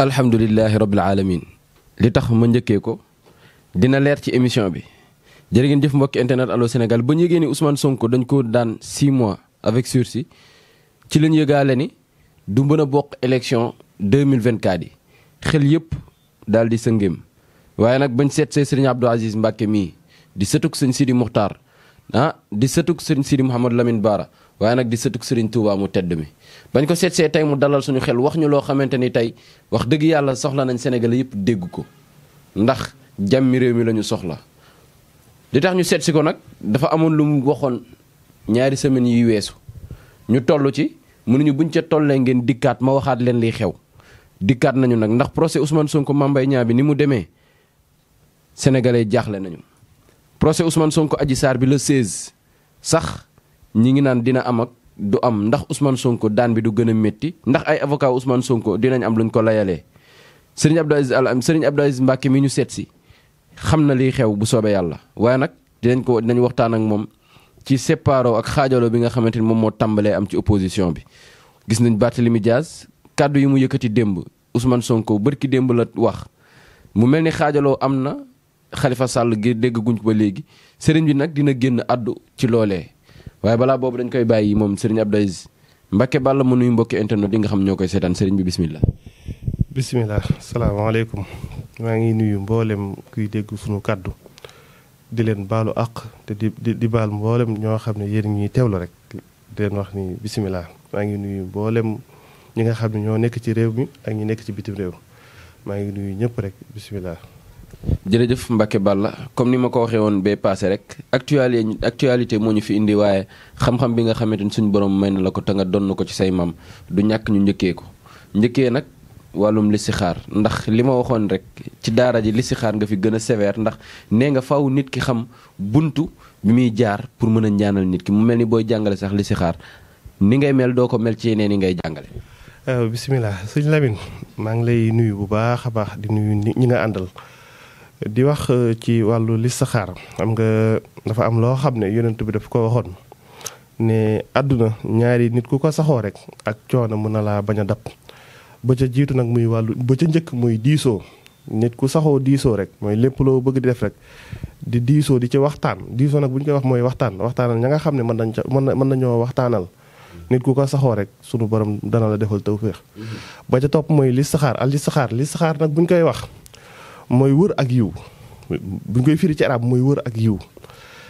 alhamdulilahi rabbil alamin li tax ma njëkkee ko dina leer ci émission bi jërë ngeen jëf mbokki internet allo Sénégal ba ñu yëgee ni Ousmane Sonko dañ ko daan 6 mois avec sursis ci lañ yëgaale ni du mën a bokk élection 2024 yi xel yëpp daal di sëngéem waaye nag bañ seet see sëriñ Abdou Aziz di sëtuk sëñ Sidi Muxtaar ah di sëtuk sëñ Sidi Mouhamadou Lamine Bara waaye nag di sëtuk sëriñ Touba mu tedd mi bañ ko seetsee tey mu dalal suñu xel wax ñu loo xamante ni tey wax dëgg yàlla soxla nañ Sénégalais yëpp dégg ko ndax jàmmi réew mi lañu soxla li tax ñu seet si ko nag dafa amoon lu mu waxoon ñaari semaines yi weesu ñu toll ci mënuñu buñ ca tollee ngeen dikkaat ma waxaat leen liy xew dikkaat nañu nag ndax procès Ousmane Sonko Mame Mbaye Niang bi ni mu demee sénégalais jaaxle nañu procès Ousmane Sonko Adji Sarr bi le 16 sax ñi ngi naan dina am ak du am ndax Ousmane Sonko daan bi du gën a métti ndax ay avocat Ousmane Sonko dinañ am luñ ko layalee sëriñ Abdou Aziz Al sëriñ Abdou Aziz Mbacke mi ñu seet si xam na lii xew bu soobee yàlla waaye nag dinañ ko dinañu waxtaan ak moom ci séparoo ak xaajaloo bi nga xamante ni moom moo tàmbalee am ci opposition bi. gis nañ Barthélemy Diaz kàddu yi mu yëkkati démb Ousmane Sonko bërki démb la wax mu mel ni xaajaloo am na xalifa sàll gi dégg guñ ko ba léegi sëriñ bi nag dina génn àddu ci loolee. waaye balaa boobu dañ koy bàyyi moom Serigne Abdou Aziz Mbacké Balla mu nuyu mbokki internet yi nga xam ñoo koy seetaan Serigne bi bismillah bismillah salaamaaleykum maa ngi nuyu mboolem kuy dégg suñu kàddu di leen baalu àq te di baal mboolem ñoo xam ne yéen ñuy teewlu rek di wax ni bismillah maa ngi nuyu mboolem ñi nga xam ne ñoo nekk ci réew mi ak ñi nekk ci bitim réew maa ngi nuyu ñëpp rek bismillah jërëjëf Mbacke Balla comme ni ma ko waxee woon bee paase rek actualité actualité moo ñu fi indi waaye xam-xam bi nga xamante ni suñu borom may na la ko te nga donn ko ci say maam du ñàkk ñu njëkkee ko njëkkee nag wàllum listixaar ndax li ma waxoon rek ci daara ji listixaar nga fi gën a sévère ndax nee nga faw nit ki xam bunt bi muy jaar pour mën a ñaanal nit ki mu mel ni booy jàngale sax listixaar ni ngay mel doo ko mel ci yeneen yi ngay jàngale. Euh, bisimilah sëñ maa ngi lay nuyu bu baax a baax di ñi nga àndal. di wax euh, ci wàllu listixaar xam nga dafa am loo xam ne yonent bi daf ko waxoon ne àdduna ñaari nit ku ko saxoo rek ak coono mën na laa bañ a dab ba ca jiitu nag muy wàllu ba ca njëkk muy diisoo nit ku saxoo diisoo rek mooy lépp loo bëgg di def rek di diisoo di ci waxtaan diisoo nag bu ñu koy wax mooy waxtaan waxtaanal ña nga xam ne mën nañ ca mën na mën nañoo waxtaanal nit ku ko saxoo rek sunu borom dana la defal tawféex mm-hmm. ba ca topp mooy listixaar al listixaar listixaar nag bu koy wax mooy wër ak yiw bu ñu koy firi ci arab mooy wër ak yiw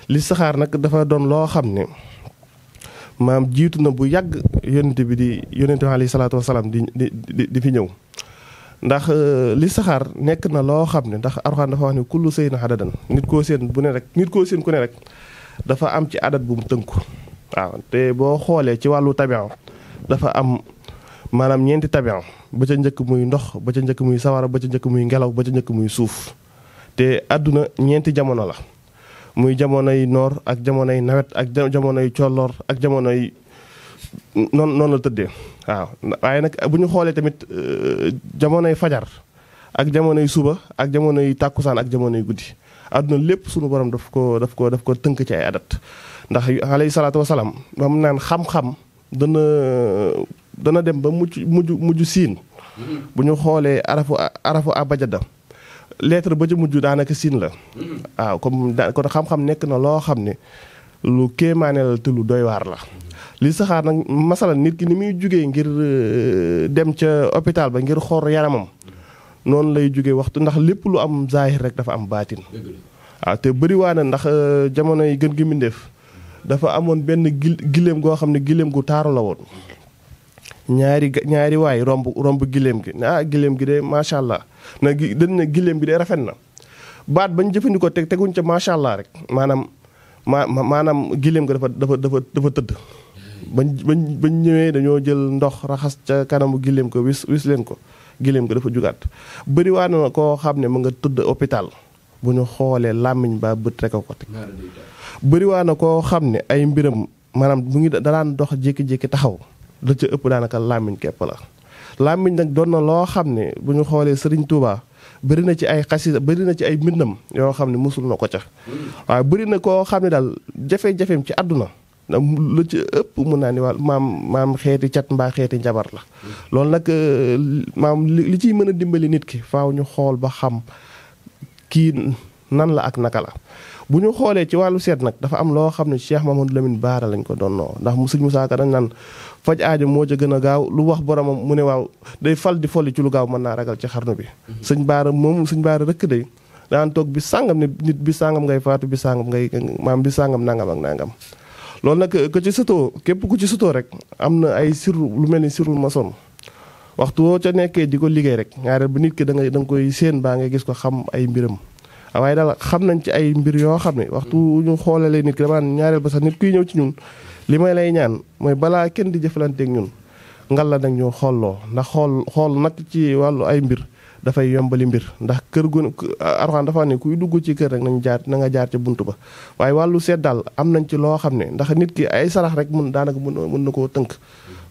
li saxaar nag dafa doon loo xam ne maam jiitu na bu yàgg yonente bi di yonente bi alayhi salaatu wasalaam di di di fi ñëw ndax euh, li saxaar nekk na loo xam ne ndax Alxuraan dafa wax ne kullu sëy na xadadan nit koo seen bu ne rek nit koo seen ku ne rek dafa am ci adat bu mu tënku waaw te boo xoolee ci wàllu tabia dafa am maanaam ñeenti tabian ba ca njëkk muy ndox ba ca njëkk muy sawara ba ca njëkk muy ngelaw ba ca njëkk muy suuf te àdduna ñeenti jamono la muy jamonoy noor ak jamonoy nawet ak jamonoy colloor ak jamonoy noonu noonu la tëddee waaw waaye nag bu ñu xoolee tamit euh, jamonoy fajar ak jamonoy suba ak jamonoy tàkkusaan ak jamonoy guddi àdduna lépp sunu borom daf ko daf ko daf ko tënk ci ay adat ndax alayhi salaatu wasalaam bam naan xam-xam dana dana dem ba mujj mujj mujj siin bu ñu xoolee arafu arafu abajada lettre ba ci mujj daanaka siin la waaw comme da kon xam-xam nekk na loo xam ne lu kéemaane la te lu doy waar la li saxaar nag masala nit ki ni muy jugee ngir euh, dem ca hôpital ba ngir xor yaramam noonu lay jóge waxtu ndax lépp lu am zaahir rek dafa am baatin waaw te bëriwaa na ndax euh, jamono yi gën gi mbindéef dafa amoon benn gileem goo xam ne gileem gu taaru la woon ñaari ñaari waay romb romb giléem gi ne ah giléem gi de macha allah na gi dañ ne giléem gi de rafet na baat bañ jëfandikoo teg teguñ ca macha allah rek maanaam maa maanaam giléem ga dafa dafa dafa dafa tëdd. bañ bañ bañ ñëwee dañoo jël ndox raxas ca kanamu giléem ko wis wis leen ko giléem ko dafa jugaat bëriwaa na koo xam ne mu nga tëdd hôpital bu ñu xoolee làmmiñ baa bët rek ko teg bëriwaa na koo xam ne ay mbiram maanaam mu ngi daan dox jékki-jékki taxaw la ca ëpp daanaka làmmiñ képp la làmmiñ nag doon na loo xam ne bu ñu xoolee Serigne Touba bëri na ci ay xasida bëri na ci ay mbindam yoo xam ne musul na ko ca mm. waaye bëri na koo xam ne daal jafe-jafeem ci àdduna ndax lu ci ëpp mun naa ni wàll maam maam xeeti cat mbaa xeeti njabar la mm. loolu nag euh, maam li ciy mën a dimbali nit ki faaw ñu xool ba xam kii nan la ak naka la bu ñu xoolee ci wàllu seet nag dafa am loo xam ne Cheikh Mamadou Lamine Baara lañ ko doon noo ndax mu sëñ mu saaka dañ naan faj aajo moo ca gën a gaaw lu wax boromam mu ne waaw day fal di folli ci lu gaaw mën naa ragal ci xarnu bi mhm. sëñ Baara moom sëñ Baara rëkk day daan toog bi sàngam ne nit bi sàngam ngay faatu bi sàngam ngay maam bi sàngam nangam ak nangam loolu nag ko ci sëtoo képp ku ci sëtoo rek am na ay sirru lu mel ni sirrul maçon waxtu woo ca nekkee di ko liggéey rek ñaareel bu nit ki da nga da koy séen baa ngay gis ko xam ay mbiram waaye daal xam nañ ci ay mbir yoo xam ne waxtu mm. ñu xoolalee nit ki damaa ñaareel ba sax nit kuy ñëw ci ñun li may lay ñaan mooy balaa kenn di jëflanteeg ñun ngal la nag ñoo xoolloo ndax xool xool nag ci wàllu ay mbir dafay yombali mbir ndax kër gu Alxuraan dafa ne kuy dugg ci kër rek nañ jaar na nga jaar ca bunt ba waaye wàllu seet am nañ ci loo xam ne ndax nit ki ay sarax rek mën daanaka mën na koo tënk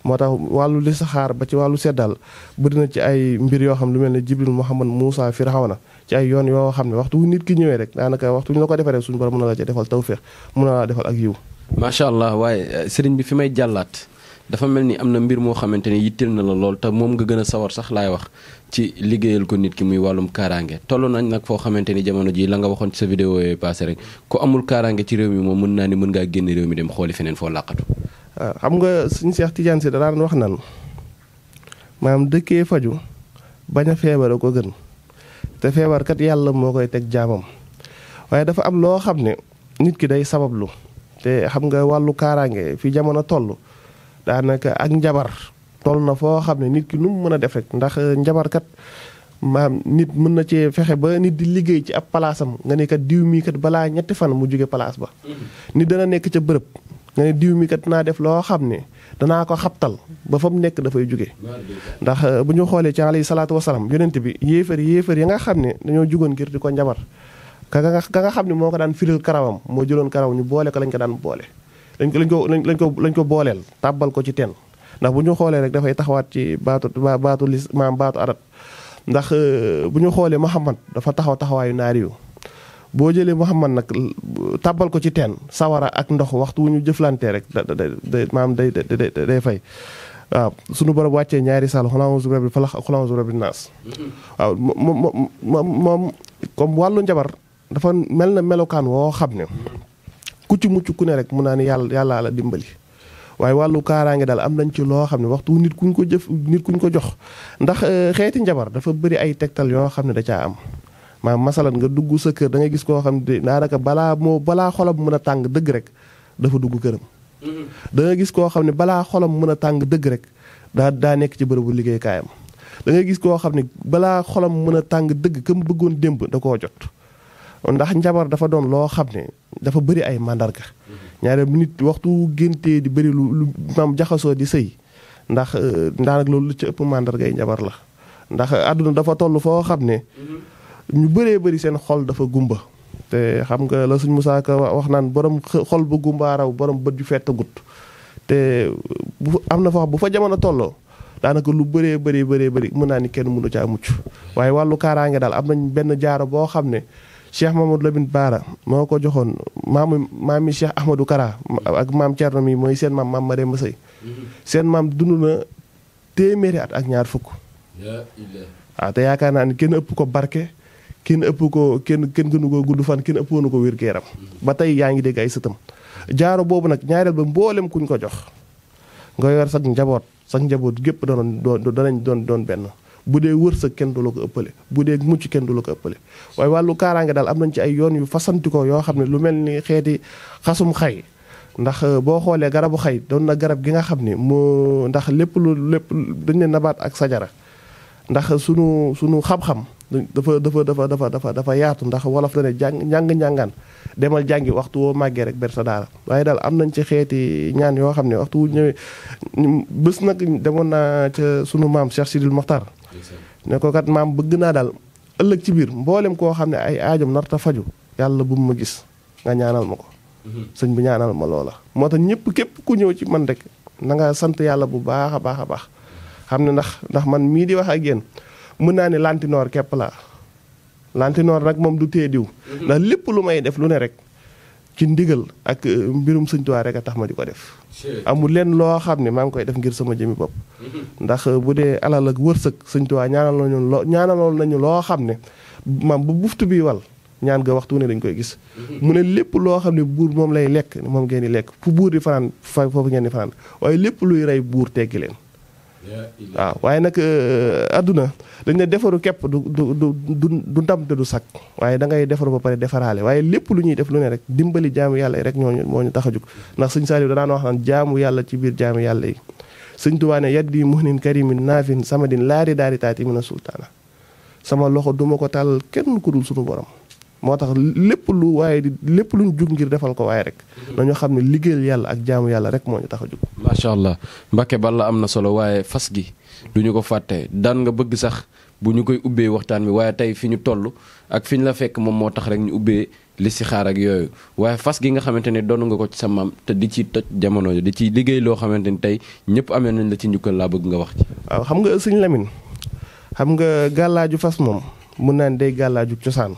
moo tax wàllu li saxaar ba ci wàllu seet daal bëri na ci ay mbir yoo xam lu mel ne Jibril Muhammad Muusa Firawna ci ay yoon yoo xam ne waxtu nit ki ñëwee rek daanaka waxtu ñu la ko defee rek suñu borom mën na la ca defal tawféex mën na la defal ak yiw macha allah waaye eh, sëriñ bi fi may jàllaat dafa mel ni am na mbir moo xamante ne yitteel na la lool te moom nga gën a sawar sax laay wax ci liggéeyal ko nit ki muy wàllum kaaraange toll nañ nag foo xamante ni jamono ji la nga waxoon ci sa vidéo yooyu passé rek ku amul kaaraange ci réew mi moom mën naa ni mën ngaa génn réew mi dem xooli feneen foo làqatu waaw ah, nga suñu Seex Tijaan si da daan wax nan maanaam dëkkee faju bañ a feebare ko gën te feebarkat yàlla moo koy teg jaamam waaye dafa am loo xam ne nit ki day sabablu te xam nga wàllu kaaraange fi jamono toll daanaka ak njabar toll na foo xam ne nit ki nu mu mën a def rek ndax njabarkat maam nit mën na cee fexe ba nit di liggéey ci ab palaasam nga ne kat diw balaa ñetti fan mu jóge palaas ba. Mhm. nit dana nekk ca bërëb nga ne diw naa def loo xam ne. danaa ko xaptal ba fa mu nekk dafay jóge ndax euh, bu ñu xoolee ci alayhi salaatu wasalaam yonent bi yéefar yéefar ya nga xam ne dañoo jugoon ngir di ko njabar ka nga ka nga xam ne moo ko daan firil karawam moo jëloon karaw ñu boole ko lañ ko daan boole lañ ko lañ ko lañ ko lañ ko booleel tàbbal ko ci teen ndax bu ñu xoolee rek dafay taxawaat ci baatu baatu lis maam baatu arab ndax euh, bu ñu xoolee Muhammad dafa taxaw taxawaayu naari yu boo jëlee Muhammad nag tàbbal ko ci teen sawara ak ndox waxtu wu ñu jëflantee rek da day maam day day fay waaw sunu borom wàccee ñaari saal xul a'uuzu bi rabbil falaq ak xul a'uuzu bi naas waaw moom moom comme wàllu njabar dafa mel na melokaan woo xam ne ku ci mucc ku ne rek mun naa ne yàlla yàllaa la dimbali waaye wàllu kaaraange daal am nañ ci loo xam ne waxtu nit kuñ ko jëf nit kuñ ko jox ndax xeeti njabar dafa bëri ay tegtal yoo xam ne da caa am maanaam masalan nga dugg sa kër dangay gis koo xam ne daanaka balaa moo balaa xolam mën a tàng dëgg rek dafa dugg këram. Mm-hmm. da gis koo xam ne balaa xolam mën a tàng dëgg rek daa daa nekk ci bërëbu liggéeykaayam. da ngay gis koo xam ne balaa xolam mën a tàng dëgg ka mu bëggoon démb da koo jot ndax njabar dafa doon loo xam ne dafa bëri ay màndarga. Mm-hmm. ñaare nit waxtu géntee di bëri lu lu maam jaxasoo di sëy ndax euh, daanaka loolu lu ci ëpp màndargay njabar la ndax àdduna dafa toll foo xam ne. Mm-hmm. ñu bëree bëri seen xol dafa gumba te xam nga la suñ Moussa Ka wax naan borom xol bu gumba raw borom bët ju fettagut te bu am na fa bu fa jamono tolloo daanaka lu bëree bëri bëree bëri mun naa ni kenn mënu caa mucc waaye wàllu kaaraange daal am nañ benn jaaro boo xam ne Cheikh Mamadou Lamine Baara moo ko joxoon maamu maami Cheikh Ahmadou Kara ak maam Thierno mi mooy seen maam maam Marème Sey seen maam dund na téeméeri at ak ñaar fukk waaw yaakaar naa ni kenn barke kenn ëpp ko kenn kenn gënu ko gudd fan kenn ëpp woonu ko wér gu ba tey yaa ngi dégg ay sëtam jaaro boobu nag ñaareel ba mboolem kuñ ko jox nga yor sax njaboot sax njaboot gépp danoon doon danañ doon doon benn bu dee wërsëg kenn du la ko ëppale bu dee mucc kenn du la ko ëppale waaye wàllu kaaraange daal am nañ ci ay yoon yu fasanti yoo xam ne lu mel ni xeeti xasum xay ndax euh, boo xoolee garabu xay doon na garab gi nga xam ne moo ndax lépp lu lépp dañ ne nabaat ak sajara ndax sunu sunu xam dafa dafa dafa dafa dafa dafa yaatu ndax wolof la ne jàng njàng njàngaan demal jàngi waxtu woo màggee rek ber daal waaye daal am nañ ci xeeti ñaan yoo xam ne waxtu ñu ñëwee bés nag demoon naa ca sunu maam Cheikh Sidil Mokhtar ne ko maam bëgg naa daal ëllëg ci biir mboolem koo xam ne ay aajam narta faju yàlla bu mu ma gis nga ñaanal ma ko mhm. sëñ bu ñaanal ma loola moo tax ñëpp képp ku ñëw ci man rek na sant yàlla bu baax a baax a baax xam ne ndax ndax man mii di wax ak yéen mën naa ne lantinoor képp laa lantinoor nag moom du tee diw mhm. ndax lépp lu may def lu ne rek ci ndigal ak euh, mbirum Sëñ Tuubaa rek a tax ma di ko def amul leen loo xam ne maa ngi koy def ngir sama jëmi bopp mhm. ndax euh, bu dee alal ak wërsëg Sëñ Tuubaa loo ñaanaloon nañu loo xam ne maam bu buftu bii wal ñaan nga waxtu ne dañ koy gis mhm. mu ne lépp loo xam ne buur moom lay lekk moom ngeen di lekk fu buur di fanaan fa foofu geen di fanaan waaye lépp luy rey buur teggi leen waaw waaye nag àdduna euh, dañ ne defaru képp du du du du ndam te du sakk waaye da ngay defaru ba pare defaraale waaye lépp lu ñuy def lu ne rek dimbali jaamu yàlla yi rek ñooñu moo ñu tax a jug ndax sëñ Saaliw danaan wax naan jaamu yàlla ci biir jaamu yàlla yi sëñ Tuubaa ne yaddi muhnin karimin naafin din laari daari taati mina sultaana sama loxo duma ko tàllal kenn ku dul suñu borom moo tax lépp lu waaye di lépp luñ jug ngir defal ko waaye rek dañoo xam ne liggéeyal yàlla ak jaamu yàlla rek moo ñu tax macha allah Mbacke Balla am na solo waaye fas gi du ko fàtte daan nga bëgg sax bu ñu koy ubbee waxtaan bi waaye tey fi ñu toll ak fi ñu la fekk moom moo tax rek ñu ubbee li si xaar ak yooyu waaye fas gi nga xamante ne doon nga ko ci sa maam te di ci toj jamono di ci liggéey loo xamante ni tey ñëpp amee nañ la ci njukkal laa bëgg nga wax ci. waaw xam nga sëñ Lamine xam nga gàllaaju fas moom mun naa ne day gàllaaju cosaan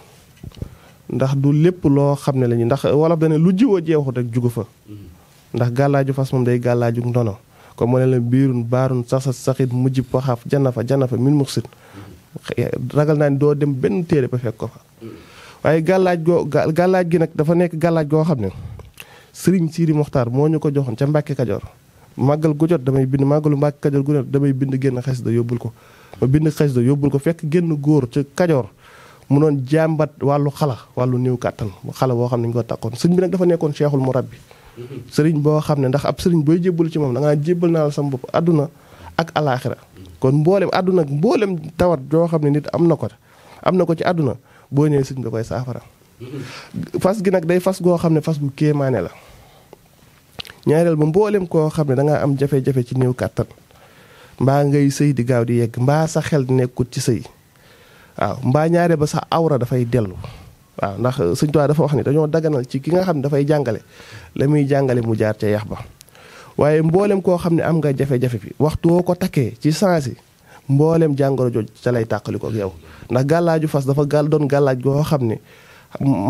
ndax du lépp loo xam ne lañu ndax wolof dane lu jiw a jeexut rek jugu fa ndax gàllaaju fas moom day gàllaaju ndono kon mu ne la biirun baarun saxsat saxit mujjib waxaaf janna fa janna fa min muxsit ragal naa ni doo dem benn téere ba fekk ko fa waaye gàllaaj goo gàllaaj gi nag dafa nekk gàllaaj goo xam ne sëriñ siiri Moxtaar moo ñu ko joxoon ca Mbàkke Kajoor màggal gu jot damay bind màggalu Mbàkke Kajoor gu damay bind génn xasida yóbbul ko ma bind xasida yóbbul ko fekk génn góor ca Kajoor mu noon jàmbat wàllu xala wàllu néew kàttan xala boo xam ne ñu ko takkoon sëñ bi nag dafa nekkoon seexul bi sëriñ boo xam ne ndax ab sëriñ booy jébbal ci moom da ngaa jébbal naa la sama bopp àdduna ak alaaxira kon mboolem àdduna mboolem tawat joo xam ne nit am na ko am na ko ci àdduna boo ñëwee sëriñ bi koy saafara fas gi nag day fas goo xam ne fas gu kéemaane la ñaareel ba mboolem koo xam ne da am jafe-jafe ci néew kàttan mbaa ngay sëy di gaaw di yegg mbaa sa xel nekkut ci sëy waaw mbaa ñaare ba sax awra dafay dellu waaw ndax euh, Sëñ Tuubaa dafa wax ni dañoo daganal ci ki nga xam ne dafay jàngale la muy jàngale mu jaar ca yax ba waaye mboolem koo xam ne am nga jafe-jafe bi waxtu woo ko takkee ci sansi mboolem jàngoro jooju ca lay tàqali ko yow ndax gàllaaju fas dafa gàll doon gàllaaj goo xam ne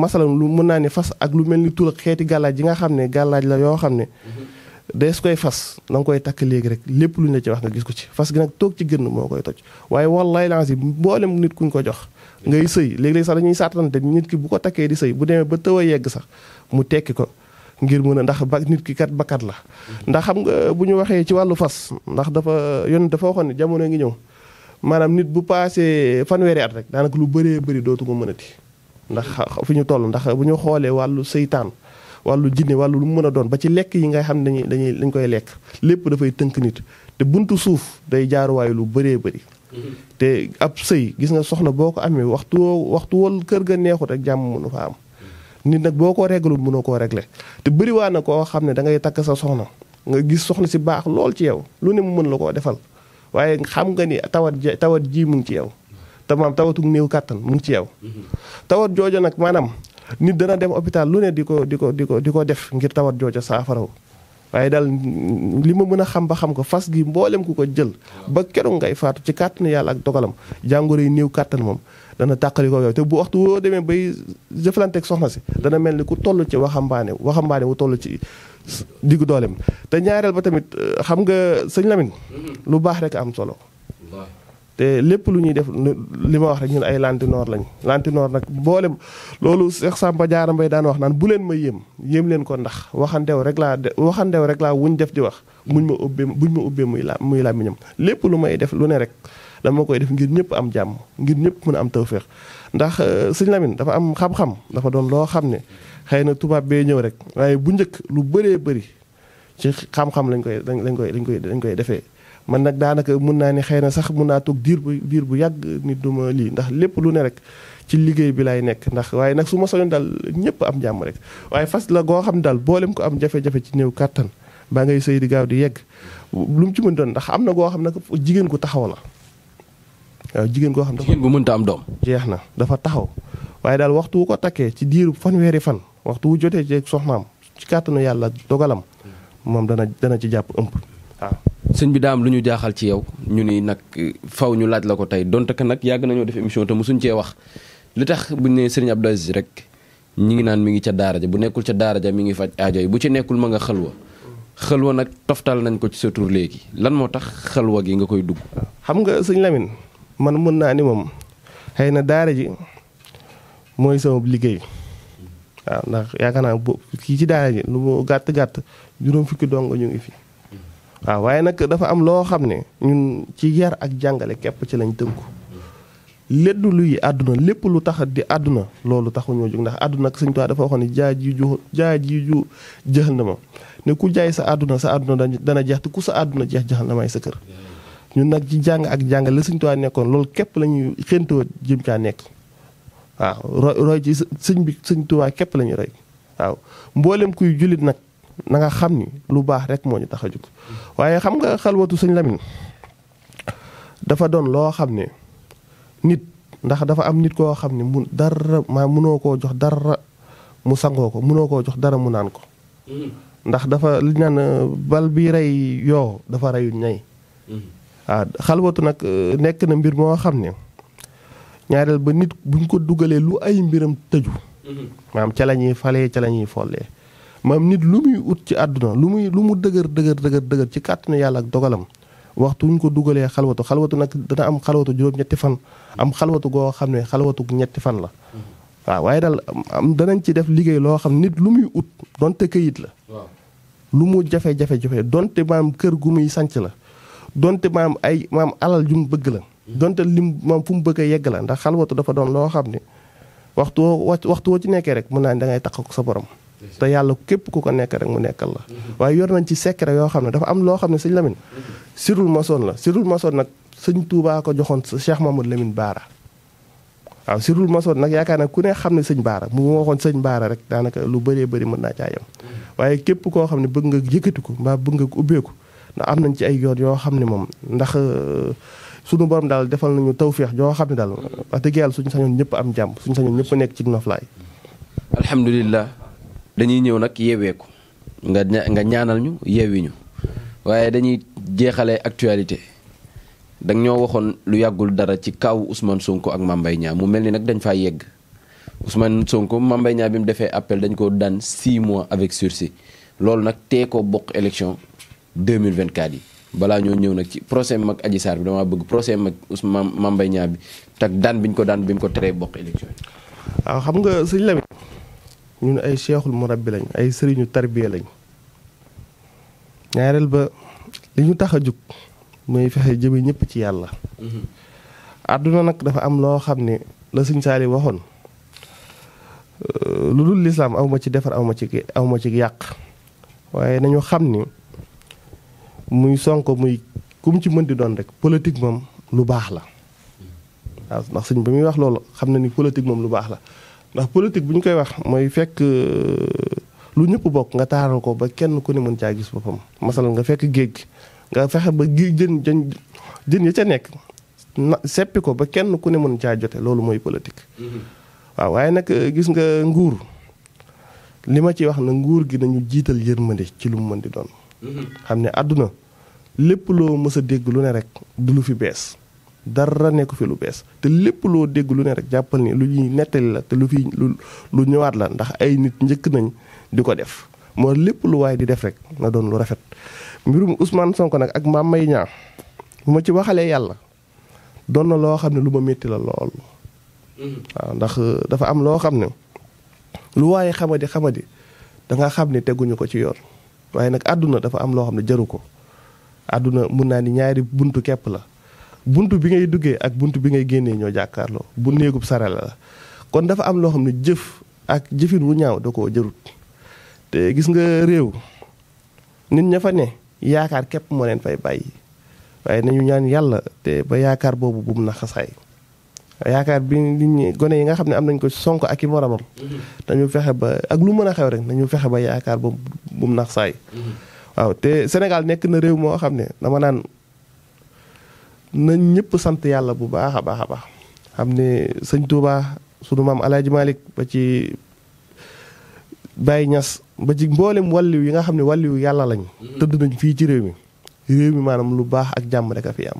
masalan lu mën naa ne fas ak lu mel ni tur xeeti gàllaaj yi nga xam ne gàllaaj la yoo xam ne mhm. dees koy fas na koy takk léegi rek lépp lu ñu la ci wax nga gis ko ci fas gi nag toog ci génn moo koy toj waaye wallaay lans yi mboolem nit kuñ ko jox ngay sëy léegi-léegi sax dañuy saatante nit ki bu ko takkee di sëy bu demee ba tëw a yegg sax mu tekki ko ngir mën a ndax ba nit ki kat bakkat la mm-hmm. ndax xam nga bu ñu waxee ci wàllu fas ndax dafa yoon dafa waxoon ne jamono ngi ñëw maanaam nit bu paasee fanweeri at rek daanaka lu bëree bëri dootu ko mënati ndax fi ñu toll ndax bu ñu xoolee wàllu seytaan wàllu jinne wàllu lu mu mën a doon ba ci lekk yi ngay xam ne dañuy dañ koy lekk lépp dafay tënk nit te buntu suuf day jaaruwaay lu bëree bëri mm-hmm. te ab sëy gis nga soxna boo ko amee waxtu waxtu wol kër ga neexut ak jàmm mënu fa am mm-hmm. nit nag boo ko réglul mënoo koo regle te bëriwaa na koo xam ne da ngay takk sa soxna nga gis soxna si baax lool ci yow lu ne mu mën la koo defal waaye xam nga ni tawat tawat ji mu ngi ci yow te maam tawatu néew kàttan mu ngi ci yow mm-hmm. tawat nag maanaam nit dana dem hôpital lu ne di ko di ko di ko di ko def ngir tawat jooja saafaraw waaye daal li ma mën a xam ba xam ko fas gi mboolem ku ko jël ba keroog ngay faatu ci kàttanu yàlla ak dogalam jàngoro yi néew kàttan moom dana tàqali ko yow te bu waxtu woo demee bay jëflanteek soxna si dana mel ni ku toll ci waxambaane waxambaane wu toll ci diggu dooleem te ñaareel ba tamit xam nga sëñ Lamine lu baax rek am solo te lépp lu ñuy def li ma wax rek ñun ay lantinoor lañ lantinoor nag boole loolu Cheikh Samba Diarra Mbaye daan wax naan bu leen ma yéem yéem leen ko ndax waxandew rek laa de waxandew rek laa wuñ def di wax buñ ma ubbee buñ ma ubbee muy la muy làmmiñam lépp lu may def lu ne rek la dama koy def ngir ñëpp am jàmm ngir ñëpp mën a am tawféex ndax euh, sëñ Lamine dafa am xam-xam dafa doon loo xam ne xëy na tubaab bee ñëw rek waaye bu njëkk lu bëree bëri ci xam-xam lañ koy lañ koy lañ koy dañ koy defee man nag daanaka mun naa ne xëy na sax mun naa toog diir bu diir bu yàgg nit du ma lii ndax lépp lu ne rek ci liggéey bi laay nekk ndax waaye nag su ma soñoon daal ñëpp am jàmm rek waaye fas la goo xam daal boolem ko am jafe-jafe ci néew kàttan baa ngay sëy di gaaw di yegg lu mu ci mën doon ndax am na goo xam nag jigéen gu taxaw la waaw jigéen goo xam dafa jigéen gu mënta am doom jeex na dafa taxaw waaye daal waxtu wu ko takkee ci diiru fanweeri fan waxtu wu jotee ci soxnaam ci kàttanu yàlla dogalam moom dana dana ci jàpp ëmb sëñ bi daa am lu ñu jaaxal ci yow ñu ni nag eh, faw ñu laaj la ko tey donte que nag yàgg nañoo def émission te mosuñ cee wax li tax bu ñu nee sëriñ Abdou Aziz rek ñi ngi naan mi ngi ca daara ja bu nekkul ca daara ja mi ngi faj aajo yi bu ci nekkul ma nga xalwa xalwa nag toftal nañ ko ci sa tur léegi lan moo tax xalwa gi nga koy dugg. xam nga sëñ Lamine man mën naa ni moom xëy na daara ji mooy sama liggéey waaw ndax yaakaar naa boobu kii ci daara ji lu mu gàtt gàtt juróom fukki dong ñu ngi fi. waaw waaye nag dafa am loo xam ne ñun ci yar ak jàngale képp ci lañ tënku lédd luy àdduna lépp lu tax di àdduna loolu taxu ñoo jóg ndax àdduna ak sëñ Tuubaa dafa waxoon ne jaay ji ju jaay ji ju jahannama ne ku jaay sa àdduna sa àdduna dana jeex te ku sa àdduna jeex jahannamay sa kër ñun nag ci jàng ak jàngale la sëñ Tuubaa nekkoon loolu képp lañuy ñuy xéntoo jëm caa nekk waaw roy roy ci sëñ bi sëñ Tuubaa képp lañuy ñuy roy waaw mboolem kuy jullit nag nanga xam ni lu baax rek moo ñu tax a jug waaye xam nga xalwatu sëñ Lamine dafa doon loo xam ne nit ndax dafa am nit koo xam ne mu dara maa munoo koo jox dara mu sangoo ko munoo koo jox dara mu naan ko ndax dafa li bal bi rey yoo dafa reyu nay waaw xalwatu nag euh, nekk na mbir moo xam ne ñaareel ba nit buñ ko dugalee lu ay mbiram tëju maanaam mm-hmm. ca la ñuy falee ca follee maam nit lu muy ut ci àdduna lu muy lu mu dëgër dëgër dëgër dëgër ci kàttanu yàlla ak dogalam waxtu wuñ ko dugalee xalwatu xalwatu nag dana am xalwatu juróom-ñetti fan am xalwatu goo xam ne xalwatu ñetti fan la waaw waaye dal am danañ ci def liggéey loo xam nit lu muy ut donte këyit la lu mu jafe-jafe jafe donte maam kër gu muy sanc la donte maam ay maam alal ju mu bëgg la donte lim maam fu mu bëgg a yegg la ndax xalwatu dafa doon loo xam ne waxtu woo waxtu woo ci nekkee rek mën naa da ngay tax ko sa borom te yàlla képp ku ko nekk rek mu nekkal la waaye yor nañ ci rek yoo xam ne dafa am loo xam ne sëñ Lamine sirul maçon la sirul maçon nag sëñ Touba ko joxoon Cheikh Mamadou Lamine Baara waaw sirul maçon nag yaakaar na ku ne xam ne sëñ Baara mu waxoon sëñ Baara rek daanaka lu bëree bëri mën naa caa yem waaye képp koo xam ne bëgg nga yëkkati ko mbaa bëgg nga ubbeeku ndax am nañ ci ay yoon yoo xam ne moom ndax euh, sunu borom daal defal nañu tawféex yoo xam ne daal wax dëgg yàlla suñ sañoon ñëpp am jàmm suñ sañoon ñëpp nekk ci noflaay alhamdulilah dañuy ñëw nag yeeweeku nga nga ñaanal ñu yeewi waaye dañuy jeexale actualité da ñoo waxoon lu yàggul dara ci kaw Ousmane Sonko ak Mame mu mel ni nag dañ fa yegg Ousmane Sonko Mame bi mu defee appel dañ ko daan 6 mois avec sursis loolu nag te ko bokk élection 2024 yi balaa ñoo ñëw nag ci procès mag Adji Sarr bi damaa bëgg procès mag Ousmane Mame Mbaye Niang bi tak daan biñ ko daan bi ko teree bokk élection yi. waaw ah, xam nga sëñ Lamine ñun ay cheikhul murabbi lañ ay sëriñu tarbiya lañ ñaareel ba li ñu tax a jug mooy fexe jëme ñëpp ci yàlla mhm. àdduna nag dafa am loo xam ni la sëñ Saali waxoon euh, lu dul lislaam awma ci defar awma ci awma ci yàq waaye nañu xam ni muy sonk muy kum ci mën di doon rek politique moom lu baax la mhm. waaw ndax sëñ bi muy wax loolu xam na ni politique moom lu baax la ndax politique bu ñu koy wax mooy fekk euh, lu ñëpp bokk nga taaral ko ba kenn ku ne mën caa gis boppam masal nga fekk géej nga fexe ba gi jën jën jën yi ca nekk na seppi ko ba kenn ku ne mën caa jote loolu mooy politique mm-hmm. waaw waaye nag euh, gis nga nguur li ma ci wax na nguur gi nañu jiital yërmande ci lu mu mën di doon mm-hmm. xam ne àdduna lépp loo mës a dégg lu ne rek du lu fi bees darra nekku fi lu bees te lépp loo dégg lu ne rek jàppal ni lu ñuy nettali la te lu fi lu lu ñëwaat la ndax ay nit njëkk nañ di ko def moo lépp lu waaye di def rek na doon lu rafet. mbirum usmaan Sonko nag ak Mame Mbaye Niang bu ma ci waxalee yàlla doon na loo xam ne lu ma métti la lool. Mm-hmm. waaw ndax euh, dafa am loo xam ne lu waaye xamadi xamadi da xam ne teguñu ko ci yoon waaye nag àdduna dafa am loo xam ne jaru ko àdduna mën naa ni ñaari buntu kepp la. bunt bi ngay duggee ak buntu bi ngay génnee ñoo jàkkaarloo bu néegub sarala la kon dafa am loo xam ne jëf ak jëfin wu ñaaw da koo jërut te gis nga réew nit ña fa ne yaakaar képp moo leen fay bàyyi waaye nañu ñaan yàlla te ba yaakaar boobu bu mu yaakaar bi nit ñi gone yi nga xam ne am nañ ko sonk ak i moromam dañu mm-hmm. fexe ba ak lu mën a xew rek nañu fexe ba yaakaar boobu bu mu naxasaay mm-hmm. waaw te Sénégal nekk na réew moo xam ne dama naan nañ ñëpp sant yàlla bu baax a baax a baax xam ne sëñ Touba sunu maam El ba ci bàyyi ñas ba ci mboolem wàlliw yi nga xam ne wàlliw yàlla lañ. Mhm. tëdd nañ fii ci réew mi réew mi maanaam lu baax ak jàmm rek a fi am.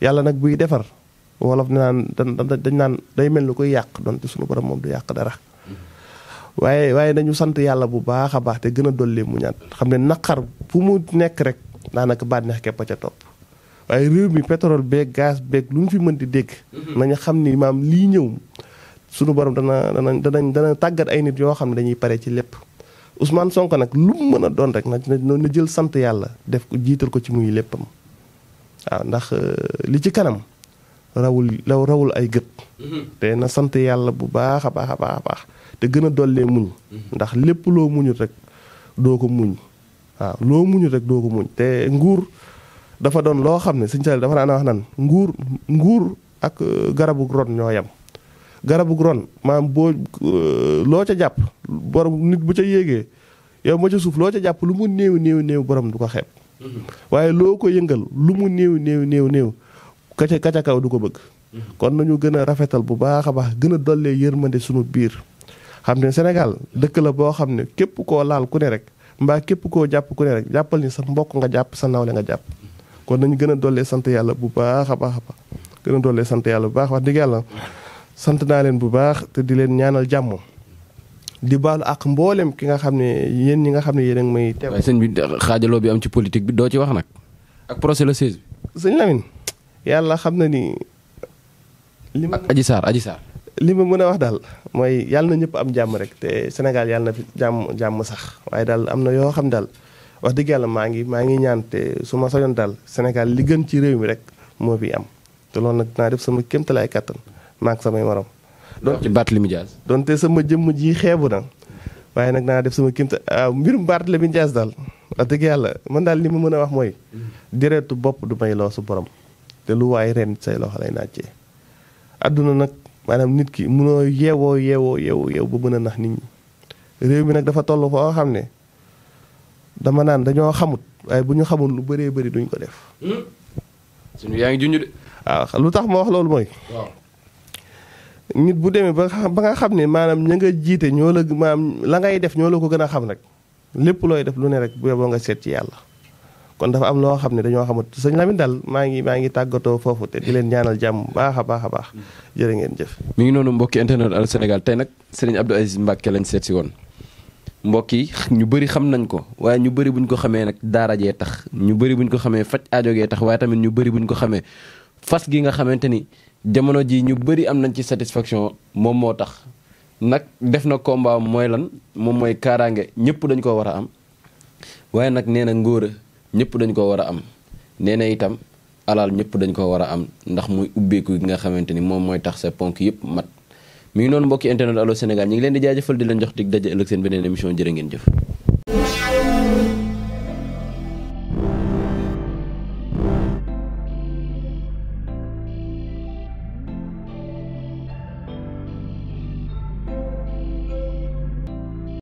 yàlla nag buy defar wolof naan dañ naan day mel ni koy yàq donte sunu borom moom du yàq dara. Mhm. waaye waaye nañu sant yàlla bu baax a baax te gën a dolli mu ñaat xam ne naqar fu mu nekk rek daanaka bànneex képp ca topp. waaye réew mi pétrole beeg gaz beeg lu ñu fi mën di dégg. Mhm. nañu xam ni maam lii ñëw sunu borom dana dana dana tàggat ay nit yoo xam ne dañuy pare ci lépp. Ousmane sonk nag lu mu mën a doon rek na na jël sant yàlla def ko jiital ko ci muy léppam waaw ndax euh, li ci kanam rawul rawul ay gët. Mhm. te na sant yàlla bu baax a baax a baax a baax te gën a dollee muñ. Mhm. ndax lépp loo muñut rek doo ko muñ waaw loo muñut rek doo ko muñ te nguur. dafa doon loo xam ne sëñ Saliou dafa daan wax nan nguur nguur ak euh, garabu ron ñoo yam garabu ron maam boo euh, loo ca jàpp borom nit bu ca yéegee yow ma ca suuf loo ca jàpp lu mu néew néew néew borom du ko xeeb mm-hmm. waaye loo ko yëngal lu mu néew néew néew néew ka ka kaw du ko bëgg mm-hmm. kon nañu gën a rafetal bu baax a baax gën a dollee yërmande sunu biir xam ne Sénégal dëkk la boo xam ne képp koo laal ku ne rek mbaa képp koo jàpp ku ne rek jàppal ni sa mbokk nga jàpp sa nawle nga jàpp kon nañu gën a sant yàlla bu baax a baax a baax gën a sant yàlla bu baax wax dëgg yàlla sant naa leen bu baax te di leen ñaanal jàmm di baalu ak mbooleem ki nga xam ne yéen ñi nga xam ne yéen a ngi may teew. xaajaloo bi am ci politique bi doo ci nag ak procès le 16 bi. yàlla xam na ni. li ma Adji Sarr Adji Sarr li ma mën a wax daal mooy yàlla na ñëpp am jàmm rek te Sénégal yàlla jàmm jàmm sax waaye daal am na yoo xam daal. wax dëgg yàlla maa ngi maa ngi ñaan te su daal Sénégal li gën ci réew mi rek moo fi am te loolu nag naa def sama kéemtalaay kàttan maa ak samay morom. doon ci Barthélémy donte sama jëmm ji xeebu na waaye nag naa def sama kéemta ah, mbirum Barthélémy Dias daal wax yàlla man daal li ma mën a wax mooy. deretu bopp du may loosu borom te lu waay ren say loxo lay naajte. adduna nag maanaam nit ki mënoo yeewoo yeewoo yeewoo yeew ba mën a nax nit ñi réew mi nag dafa toll foo xam ne. dama naan dañoo xamut waaye bu ñu xamul lu bëree bëri duñ ko def. Hmm? suñu yaa ngi junj de. Ah, lu tax ma wax loolu mooy. nit bu demee ba ba nga xam ne maanaam ña nga jiite ñoo la maam la ngay def ñoo la ko gën a xam rek lépp looy def lu ne rek bu yeboo nga seet ci yàlla. kon dafa am loo xam ne dañoo xamut sëñ Lamine daal maa ngi maa ngi tàggatoo foofu te di leen ñaanal jàmm baax a baax a baax hmm. jërë ngeen jëf. mu ngi noonu mbokki internet al Sénégal tey nag sëriñ Abdou Aziz Mbacké lañ seet si woon. mbokk yi ñu bëri xam nañ ko waaye ñu bëri buñ ko xamee nag daara jee tax ñu bëri buñ ko xamee faj aajo gee tax waaye tamit ñu bëri buñ ko xamee fas gi nga xamante ni jamono ji ñu bëri am nañ ci satisfaction moom moo tax nag def na combat mooy lan moom mooy kaaraange ñëpp dañ ko war a am waaye nag nee na ngóora ñëpp dañ ko war a am nee na itam alal ñëpp dañ ko war a am ndax mooy ubbeeku gi nga xamante ni moom mooy tax sa ponk yëpp mat mi ngi noonu mbokki internet Allô Sénégal ñi ngi leen di jaajëfal di leen jox dig daje ëllëg seen beneen émission jërë ngeen jëf